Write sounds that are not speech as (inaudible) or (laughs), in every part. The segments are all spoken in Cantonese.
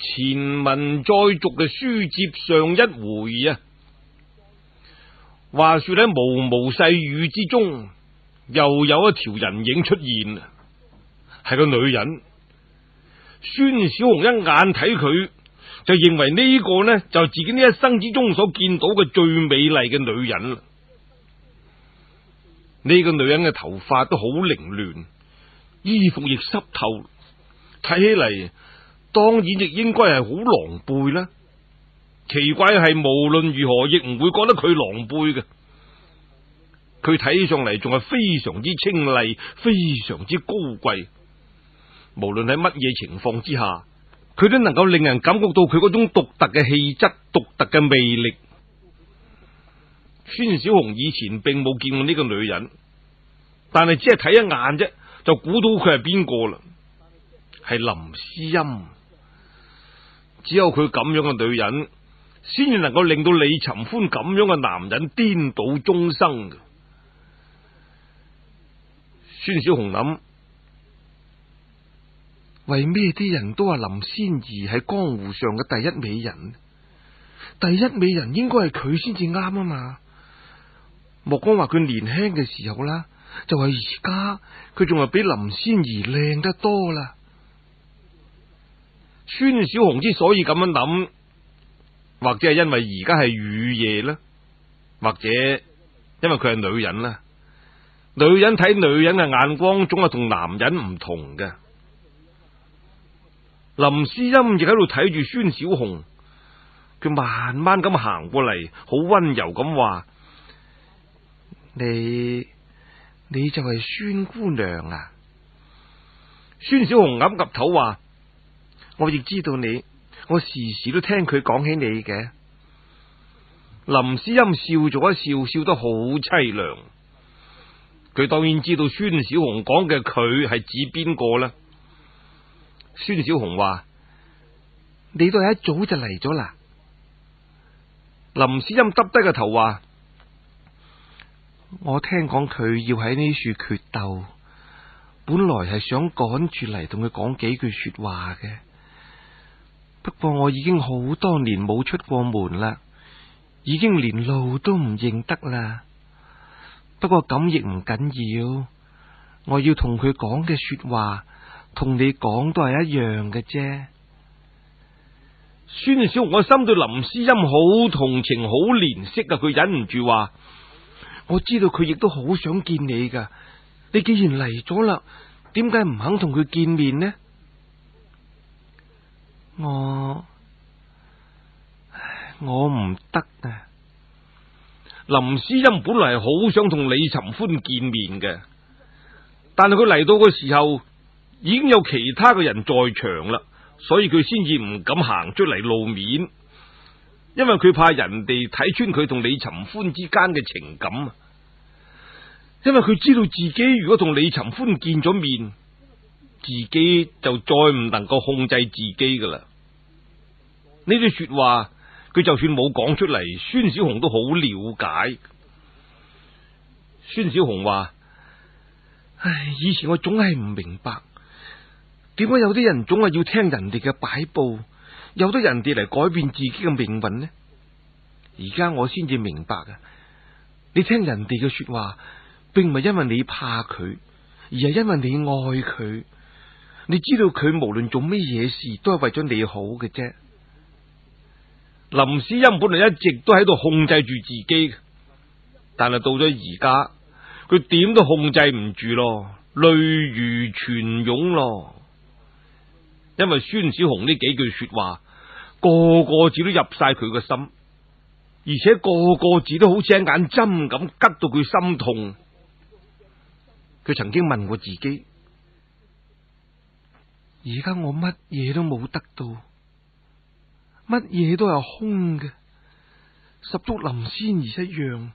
前文再續嘅書接上一回呀、啊，話說喺毛毛細雨之中，又有一條人影出現啦，係個女人。孫小紅一眼睇佢，就認為呢個呢就自己呢一生之中所見到嘅最美麗嘅女人呢。呢個女人嘅頭髮都好凌亂，衣服亦濕透，睇起嚟，當然亦應該係好狼狽啦。奇怪係無論如何亦唔會覺得佢狼狽嘅，佢睇上嚟仲係非常之清麗，非常之高貴。無論喺乜嘢情況之下，佢都能夠令人感覺到佢嗰種獨特嘅氣質、獨特嘅魅力。孫小紅以前並冇見過呢個女人，但係只係睇一眼啫，就估到佢係邊個啦，係林詩音。只有佢咁樣嘅女人，先至能夠令到李尋歡咁樣嘅男人顛倒終生嘅。孫小紅諗：為咩啲人都話林仙兒係江湖上嘅第一美人？第一美人應該係佢先至啱啊嘛！莫光話佢年輕嘅時候啦，就係而家，佢仲係比林仙兒靚得多啦。孫小紅之所以咁樣諗，或者係因為而家係雨夜啦，或者因為佢係女人啦，女人睇女人嘅眼光總係同男人唔同嘅。林詩音亦喺度睇住孫小紅，佢慢慢咁行過嚟，好温柔咁話，你，你就係孫姑娘啊！孫小紅岌岌頭話。我亦知道你，我時時都聽佢講起你嘅。林詩音笑咗一笑，笑,笑得好凄涼。佢當然知道孫小紅講嘅佢係指邊個啦。孫小紅話：你都係一早就嚟咗啦。林詩音耷低個頭話：我聽講佢要喺呢處決鬥，本來係想趕住嚟同佢講幾句說話嘅。不過我已經好多年冇出過門啦，已經連路都唔認得啦。不過咁亦唔緊要，我要同佢講嘅說話同你講都係一樣嘅啫。孫小紅，我心對林詩音好同情，好憐惜啊！佢忍唔住話：我知道佢亦都好想見你噶，你既然嚟咗啦，點解唔肯同佢見面呢？我我，唔得啊！林詩音本來好想同李尋歡見面嘅，但係佢嚟到嘅時候已經有其他嘅人在場啦，所以佢先至唔敢行出嚟露面，因為佢怕人哋睇穿佢同李尋歡之間嘅情感。因為佢知道自己如果同李尋歡見咗面。自己就再唔能夠控制自己噶啦。呢句說話，佢就算冇講出嚟，孫小紅都好了解。孫小紅話，唉，以前我總係唔明白，點解有啲人總係要聽人哋嘅擺布，有得人哋嚟改變自己嘅命運呢？而家我先至明白啊！你聽人哋嘅說話，並唔係因為你怕佢，而係因為你愛佢。你知道佢無論做咩嘢事都係為咗你好嘅啫。林詩音本來一直都喺度控制住自己，但係到咗而家，佢點都控制唔住咯，淚如泉湧咯。因為孫小紅呢幾句說話，個個字都入晒佢個心，而且個個字都好似一眼針咁，拮到佢心痛。佢曾經問過自己。而家我乜嘢都冇得到，乜嘢都係空嘅，十足林仙兒一樣。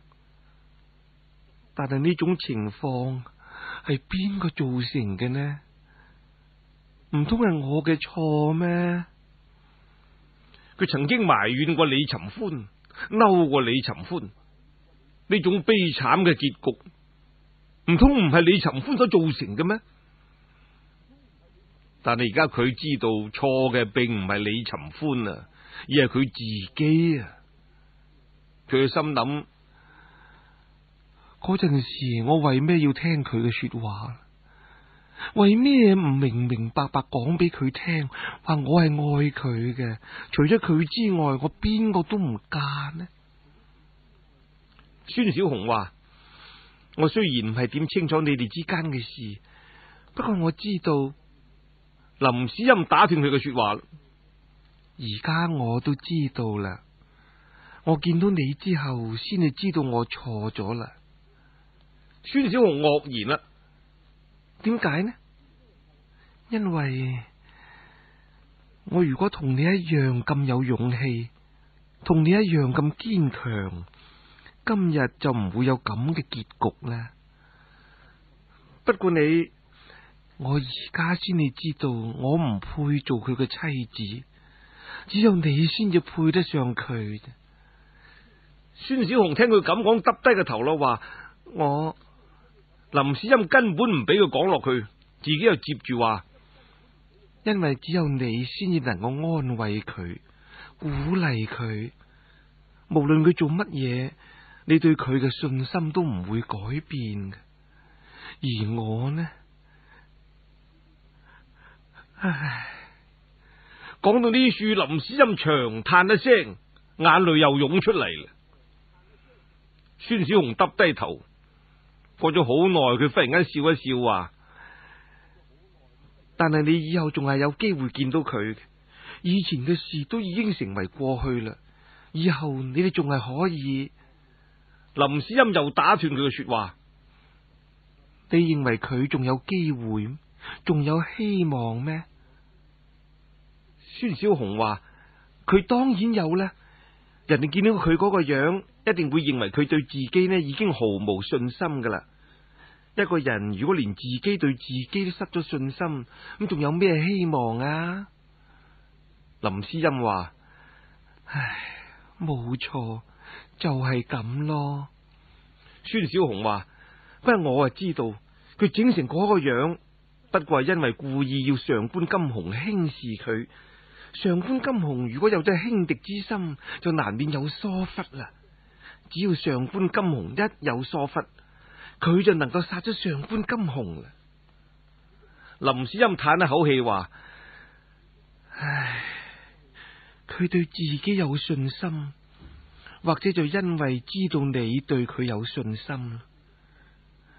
但係呢種情況係邊個造成嘅呢？唔通係我嘅錯咩？佢曾經埋怨過李尋歡，嬲過李尋歡，呢種悲慘嘅結局，唔通唔係李尋歡所造成嘅咩？但係而家佢知道錯嘅並唔係李尋歡啊，而係佢自己啊。佢心諗嗰陣時，我為咩要聽佢嘅說話？為咩唔明明白白講俾佢聽，話我係愛佢嘅？除咗佢之外，我邊個都唔嫁呢？孫小紅話：我雖然唔係點清楚你哋之間嘅事，不過我知道。林詩音打斷佢嘅說話，而家我都知道啦，我見到你之後先至知道我錯咗啦。孫小紅愕然啦、啊，點解呢？因為我如果同你一樣咁有勇氣，同你一樣咁堅強，今日就唔會有咁嘅結局啦。不過你。我而家先至知道，我唔配做佢嘅妻子，只有你先至配得上佢。孫小紅聽佢咁講，耷低個頭咯，話我林詩音根本唔俾佢講落去，自己又接住話，因為只有你先至能夠安慰佢、鼓勵佢，無論佢做乜嘢，你對佢嘅信心都唔會改變嘅。而我呢？唉，講到呢處，林詩音長嘆一聲，眼淚又湧出嚟啦。孫小紅耷低頭，過咗好耐，佢忽然間笑一笑話：但係你以後仲係有機會見到佢，以前嘅事都已經成為過去啦。以後你哋仲係可以。林詩音又打斷佢嘅說話：你認為佢仲有機會，仲有希望咩？孫小紅話：佢當然有啦，人哋見到佢嗰個樣，一定會認為佢對自己呢已經毫無信心噶啦。一個人如果連自己對自己都失咗信心，咁仲有咩希望啊？林詩音話：唉，冇錯，就係咁咯。孫小紅話：不過我啊知道佢整成嗰個樣，不過係因為故意要上官金鴻輕視佢。上官金鴻如果有咗輕敵之心，就難免有疏忽啦。只要上官金鴻一有疏忽，佢就能夠殺咗上官金鴻啦。林詩音嘆一口氣話：唉，佢對自己有信心，或者就因為知道你對佢有信心，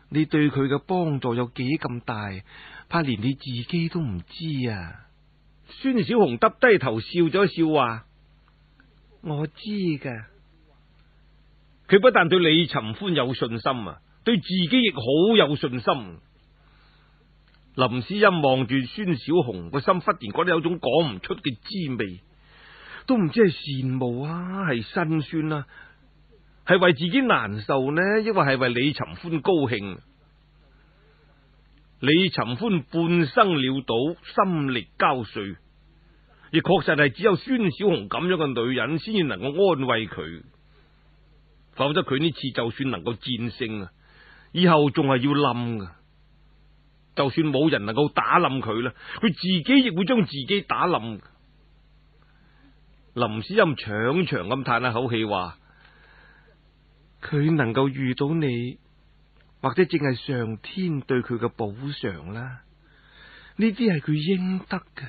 你對佢嘅幫助有幾咁大，怕連你自己都唔知啊。孫小紅耷低頭笑咗一笑，話：我知㗎。佢不但對李尋歡有信心啊，對自己亦好有信心。林詩音望住孫小紅，個心忽然覺得有種講唔出嘅滋味，都唔知係羨慕啊，係辛酸啦，啊，係為自己難受呢，抑或係為李尋歡高興。李尋歡半生潦倒，心力交瘁，亦確實係只有孫小紅咁樣嘅女人先至能夠安慰佢，否則佢呢次就算能夠戰勝啊，以後仲係要冧啊！就算冇人能夠打冧佢啦，佢自己亦會將自己打冧。林詩音長長咁嘆一口氣，話：佢能夠遇到你。或者正係上天對佢嘅補償啦，呢啲係佢應得嘅。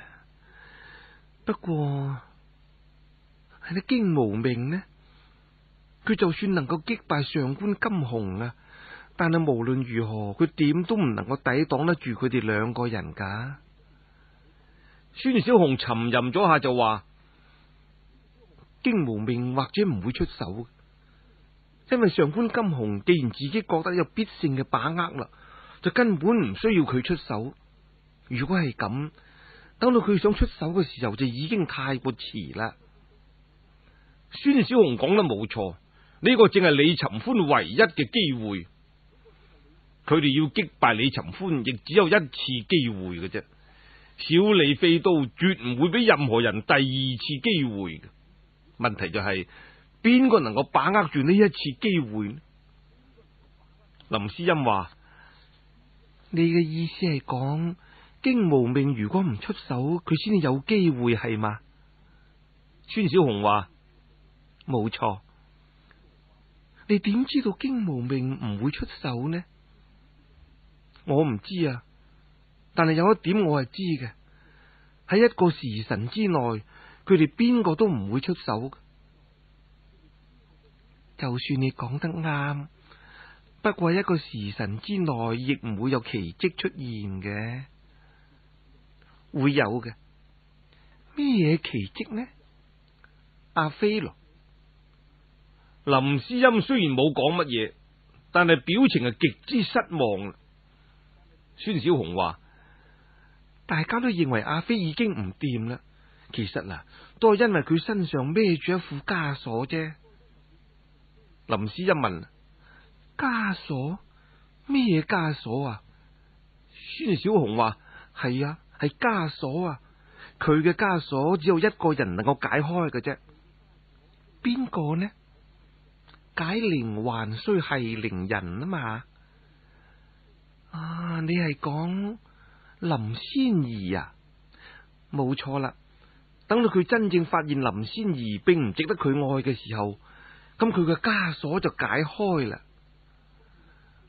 不過係你驚無命呢？佢就算能夠擊敗上官金鴻啊，但係無論如何，佢點都唔能夠抵擋得住佢哋兩個人噶。孫小紅沉吟咗下就話：驚無命或者唔會出手。因為上官金鴻既然自己覺得有必勝嘅把握啦，就根本唔需要佢出手。如果係咁，等到佢想出手嘅時候就已經太過遲啦。孫小紅講得冇錯，呢個正係李尋歡唯一嘅機會。佢哋要擊敗李尋歡，亦只有一次機會嘅啫。小李飛刀絕唔會俾任何人第二次機會嘅。問題就係。邊個能夠把握住呢一次機會？林詩音話：你嘅意思係講，荊無命如果唔出手，佢先至有機會係嘛？孫小紅話：冇錯。你點知道荊無命唔會出手呢？我唔知啊，但係有一點我係知嘅，喺一個時辰之內，佢哋邊個都唔會出手。就算你講得啱，不過一個時辰之內亦唔會有奇迹出現嘅，會有嘅咩嘢奇迹呢？阿飛囉。林詩音雖然冇講乜嘢，但係表情係極之失望啦。孫小紅話：大家都認為阿飛已經唔掂啦，其實啊，都係因為佢身上孭住一副枷鎖啫。林詩一問：枷鎖咩枷鎖啊？孫小紅話：係呀，係枷鎖啊！佢嘅枷鎖只有一個人能夠解開嘅啫，邊個呢？解鈴還須係鈴人啊嘛！啊，你係講林仙兒啊？冇錯啦！等到佢真正發現林仙兒並唔值得佢愛嘅時候。咁佢嘅枷鎖就解開啦。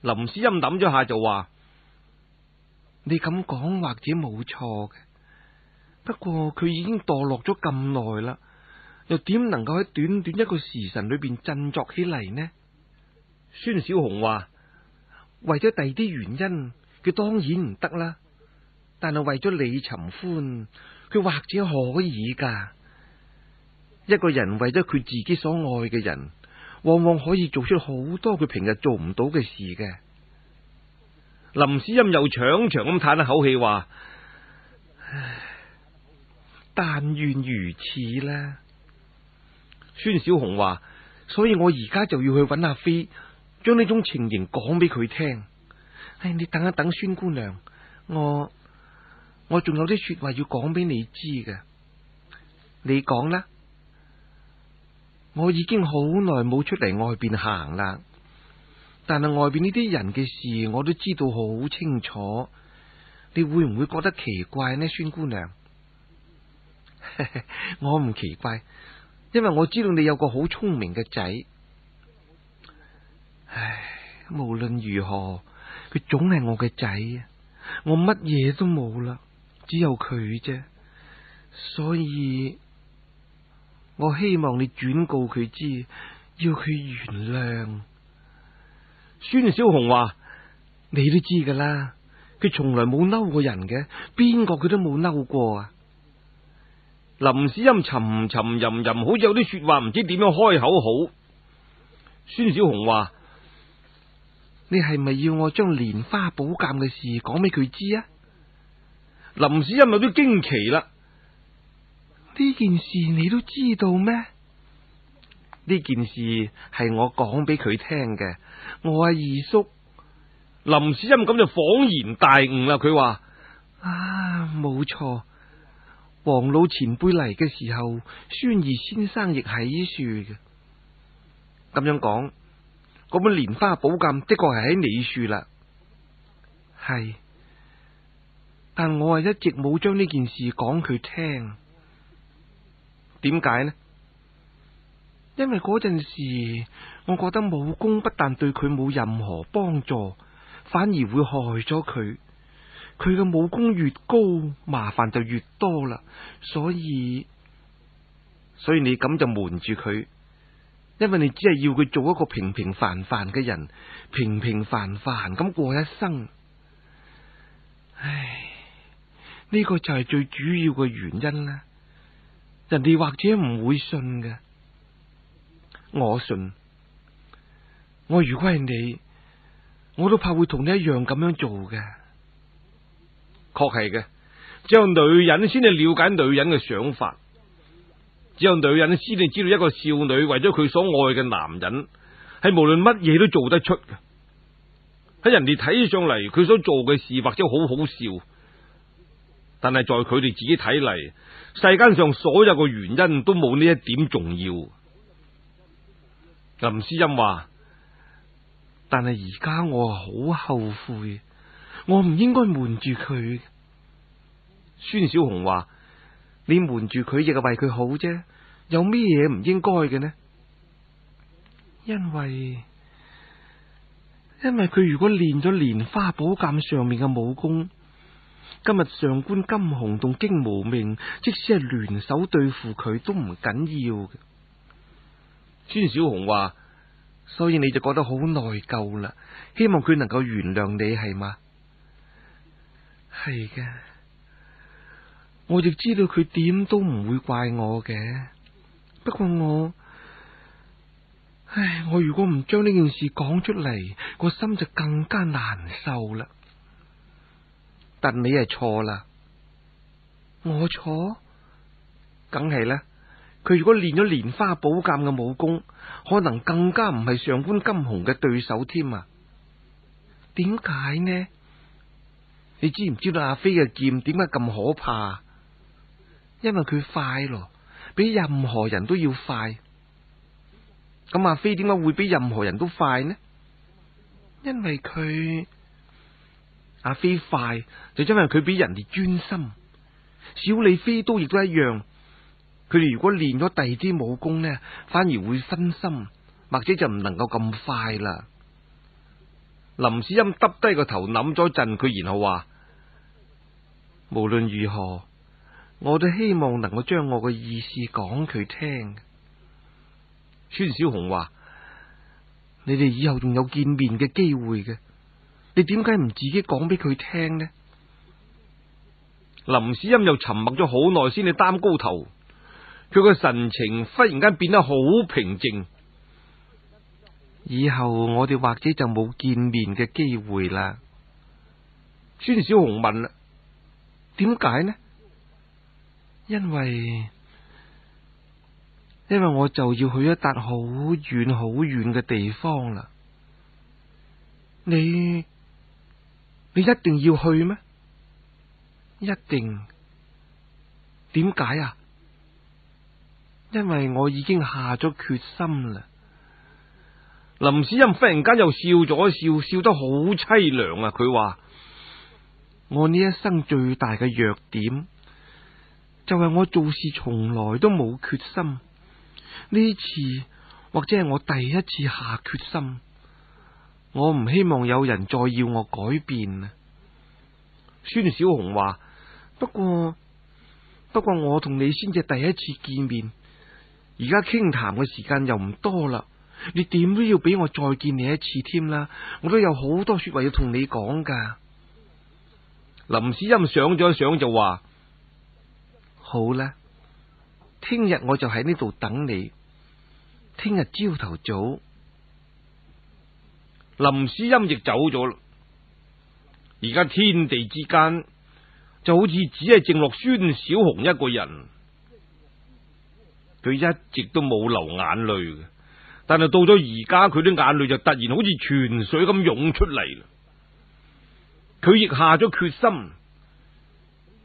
林詩音諗咗下就話：你咁講或者冇錯嘅，不過佢已經墮落咗咁耐啦，又點能夠喺短短一個時辰裏邊振作起嚟呢？孫小紅話：為咗第二啲原因，佢當然唔得啦。但係為咗李尋歡，佢或者可以噶。一個人為咗佢自己所愛嘅人，往往可以做出好多佢平日做唔到嘅事嘅。林詩音又長長咁嘆一口氣，話：唉，但願如此啦。孫小紅話：所以我而家就要去揾阿飛，將呢種情形講俾佢聽。唉，你等一等，孫姑娘，我我仲有啲說話要講俾你知嘅。你講啦。我已經好耐冇出嚟外邊行啦，但係外邊呢啲人嘅事我都知道好清楚。你會唔會覺得奇怪呢？孫姑娘， (laughs) 我唔奇怪，因為我知道你有個好聰明嘅仔。唉，無論如何，佢總係我嘅仔，我乜嘢都冇啦，只有佢啫，所以。我希望你轉告佢知，要佢原諒。孫小紅話：你都知噶啦，佢從來冇嬲過人嘅，邊個佢都冇嬲過啊！林詩音沉沉吟吟，好似有啲說話唔知點樣開口好。孫小紅話：你係咪要我將蓮花寶鑒嘅事講俾佢知啊？林詩音有啲驚奇啦。呢件事你都知道咩？呢件事係我講俾佢聽嘅。我阿二叔林詩音咁就恍然大悟啦。佢話：啊，冇錯，黃老前輩嚟嘅時候，孫二先生亦喺度嘅。咁樣講，嗰本蓮花寶鑒的確係喺你度啦。係，但我啊一直冇將呢件事講佢聽。點解呢？因為嗰陣時，我覺得武功不但對佢冇任何幫助，反而會害咗佢。佢嘅武功越高，麻煩就越多啦。所以，所以你咁就瞞住佢，因為你只係要佢做一個平平凡凡嘅人，平平凡凡咁過一生。唉，呢個就係最主要嘅原因啦。人哋或者唔會信嘅，我信。我如果係你，我都怕會同你一樣咁樣做嘅。確係嘅，只有女人先至了解女人嘅想法，只有女人先至知道一個少女為咗佢所愛嘅男人，係無論乜嘢都做得出嘅。喺人哋睇上嚟，佢所做嘅事或者好好笑，但係在佢哋自己睇嚟，世間上所有嘅原因都冇呢一點重要。林詩音話：，但係而家我好後悔，我唔應該瞞住佢。孫小紅話：，你瞞住佢亦係為佢好啫，有咩嘢唔應該嘅呢？因為，因為佢如果練咗蓮花寶鑒上面嘅武功。今日上官金虹同荊無命，即使係聯手對付佢都唔緊要。孫小紅話：所以你就覺得好內疚啦，希望佢能夠原諒你，係嘛？係嘅，我亦知道佢點都唔會怪我嘅。不過我，唉，我如果唔將呢件事講出嚟，個心就更加難受啦。但你係錯啦，我錯？梗係呢，佢如果練咗蓮花寶鑑嘅武功，可能更加唔係上官金虹嘅對手添。點解呢？你知唔知道阿飛嘅劍點解咁可怕？因為佢快咯，比任何人都要快。咁阿飛點解會比任何人都快呢？因為佢。阿飛快就是、因為佢比人哋專心，小李飛刀亦都一樣。佢哋如果練咗第二啲武功呢，反而會分心，或者就唔能夠咁快啦。林詩音耷低個頭諗咗陣，佢然後話：無論如何，我都希望能夠將我嘅意思講佢聽。孫小紅話：你哋以後仲有見面嘅機會嘅。你點解唔自己講俾佢聽呢？林詩音又沉默咗好耐，先至擔高頭，佢個神情忽然間變得好平靜。以後我哋或者就冇見面嘅機會啦。孫小紅問啦：點解呢？因為因為我就要去一笪好遠好遠嘅地方啦。你。你一定要去咩？一定？點解啊？因為我已經下咗決心啦。林詩音忽然間又笑咗笑，笑得好淒涼啊！佢話：我呢一生最大嘅弱點，就係我做事從來都冇決心。呢次或者係我第一次下決心。我唔希望有人再要我改變啊！孫小紅話：不過，不過我同你先至第一次見面，而家傾談嘅時間又唔多啦。你點都要俾我再見你一次添啦！我都有好多說話要同你講㗎。林詩音想咗一想就話：好啦，聽日我就喺呢度等你，聽日朝頭早。林詩音亦走咗。而家天地之間就好似只係剩落孫小紅一個人。佢一直都冇流眼淚，但係到咗而家，佢啲眼淚就突然好似泉水咁湧出嚟。佢亦下咗決心，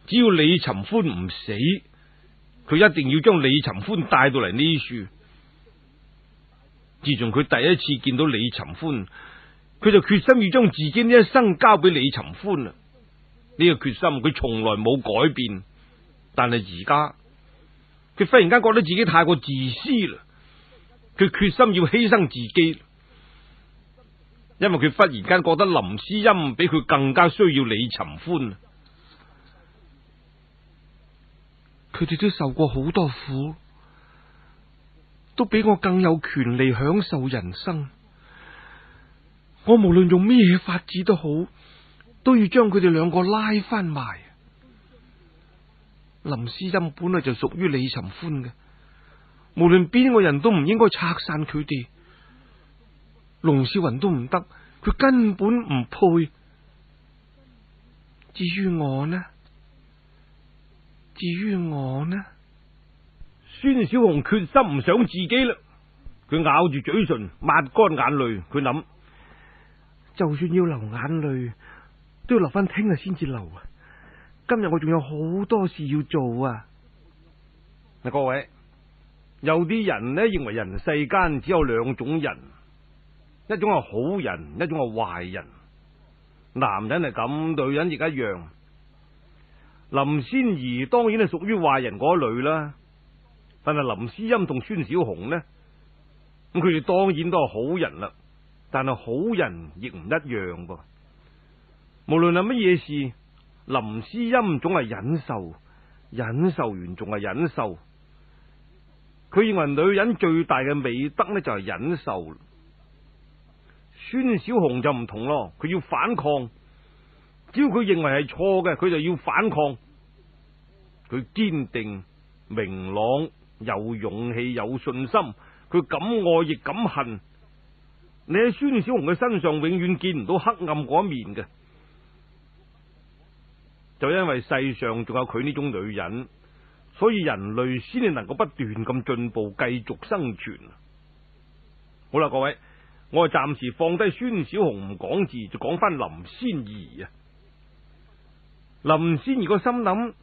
只要李尋歡唔死，佢一定要將李尋歡帶到嚟呢處。自從佢第一次見到李尋歡，佢就決心要將自己呢一生交俾李尋歡啦。呢個決心佢從來冇改變，但係而家佢忽然間覺得自己太過自私啦。佢決心要犧牲自己，因為佢忽然間覺得林詩音比佢更加需要李尋歡。佢哋都受過好多苦，都比我更有權利享受人生。我無論用咩法子都好，都要將佢哋兩個拉翻埋。林詩音本來就屬於李尋歡嘅，無論邊個人都唔應該拆散佢哋。龍小雲都唔得，佢根本唔配。至於我呢？至於我呢？孫小紅決心唔想自己嘞。佢咬住嘴唇，抹乾眼淚，佢諗。就算要流眼淚，都要留翻聽日先至流。啊，今日我仲有好多事要做啊！嗱，各位，有啲人咧認為人世間只有兩種人，一種係好人，一種係壞人。男人係咁，女人亦一樣。林仙兒當然係屬於壞人嗰類啦，但係林詩音同孫小紅呢？咁佢哋當然都係好人啦。但係好人亦唔一樣噃，無論係乜嘢事，林詩音總係忍受，忍受完仲係忍受。佢認為女人最大嘅美德呢就係忍受。孫小紅就唔同咯，佢要反抗，只要佢認為係錯嘅，佢就要反抗。佢堅定、明朗、有勇氣、有信心，佢敢愛亦敢恨。你喺孫小紅嘅身上永遠見唔到黑暗嗰一面嘅，就因為世上仲有佢呢種女人，所以人類先至能夠不斷咁進步，繼續生存。好啦，各位，我暫時放低孫小紅唔講字，就講翻林仙兒啊。林仙兒個心諗，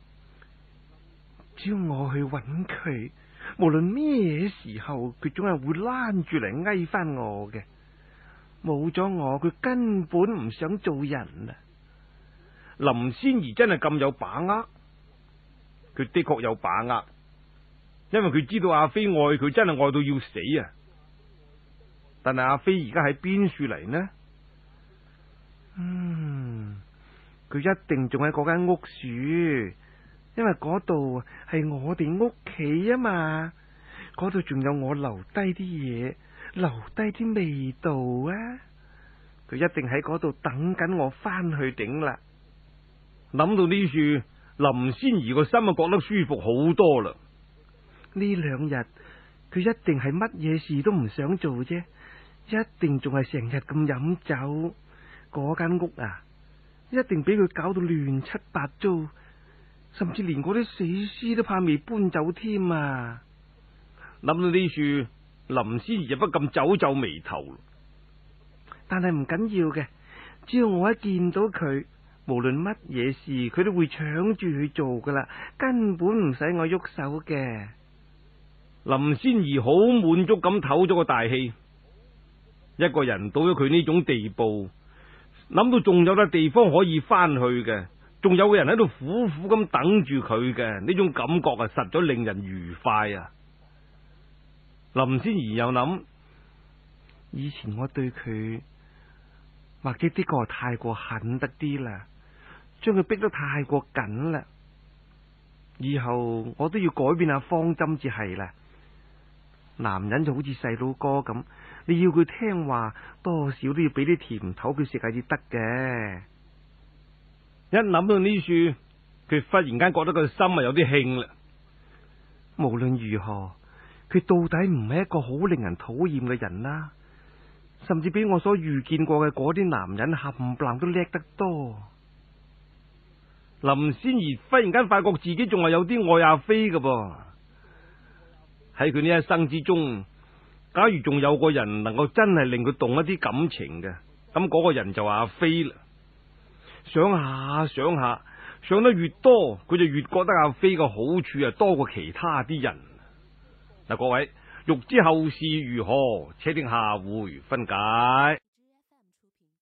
只要我去揾佢，無論咩時候，佢總係會拉住嚟挨翻我嘅。冇咗我，佢根本唔想做人啊！林仙兒真係咁有把握？佢的確有把握，因為佢知道阿飛愛佢，真係愛到要死啊！但係阿飛而家喺邊處嚟呢？嗯，佢一定仲喺嗰間屋住，因為嗰度係我哋屋企啊嘛，嗰度仲有我留低啲嘢。留低啲味道啊！佢一定喺嗰度等緊我返去頂啦。諗到呢處，林仙兒個心啊覺得舒服好多啦。呢兩日佢一定係乜嘢事都唔想做啫，一定仲係成日咁飲酒。嗰間屋啊，一定俾佢搞到亂七八糟，甚至連嗰啲死屍都怕未搬走添啊！諗到呢處。林仙兒就不禁皺皺眉頭，但係唔緊要嘅，只要我一見到佢，無論乜嘢事，佢都會搶住去做噶啦，根本唔使我喐手嘅。林仙兒好滿足咁唞咗個大氣，一個人到咗佢呢種地步，諗到仲有個地方可以翻去嘅，仲有個人喺度苦苦咁等住佢嘅，呢種感覺啊，實在令人愉快啊！林仙兒又諗，以前我對佢，或者的確係太過狠得啲啦，將佢逼得太過緊啦。以後我都要改變下方針至係啦。男人就好似細路哥咁，你要佢聽話，多少都要俾啲甜頭佢食下至得嘅。一諗到呢處，佢忽然間覺得佢心有啲興啦。無論如何。佢到底唔係一個好令人討厭嘅人啦、啊，甚至比我所遇見過嘅啲男人冚唪唥都叻得多。林仙兒忽然間發覺自己仲係有啲愛阿飛嘅噃，喺佢呢一生之中，假如仲有個人能夠真係令佢動一啲感情嘅，咁、嗰個人就阿飛啦。想下想下，想得越多，佢就越覺得阿飛嘅好處啊多過其他啲人。嗱，各位欲知後事如何，且聽下回分解。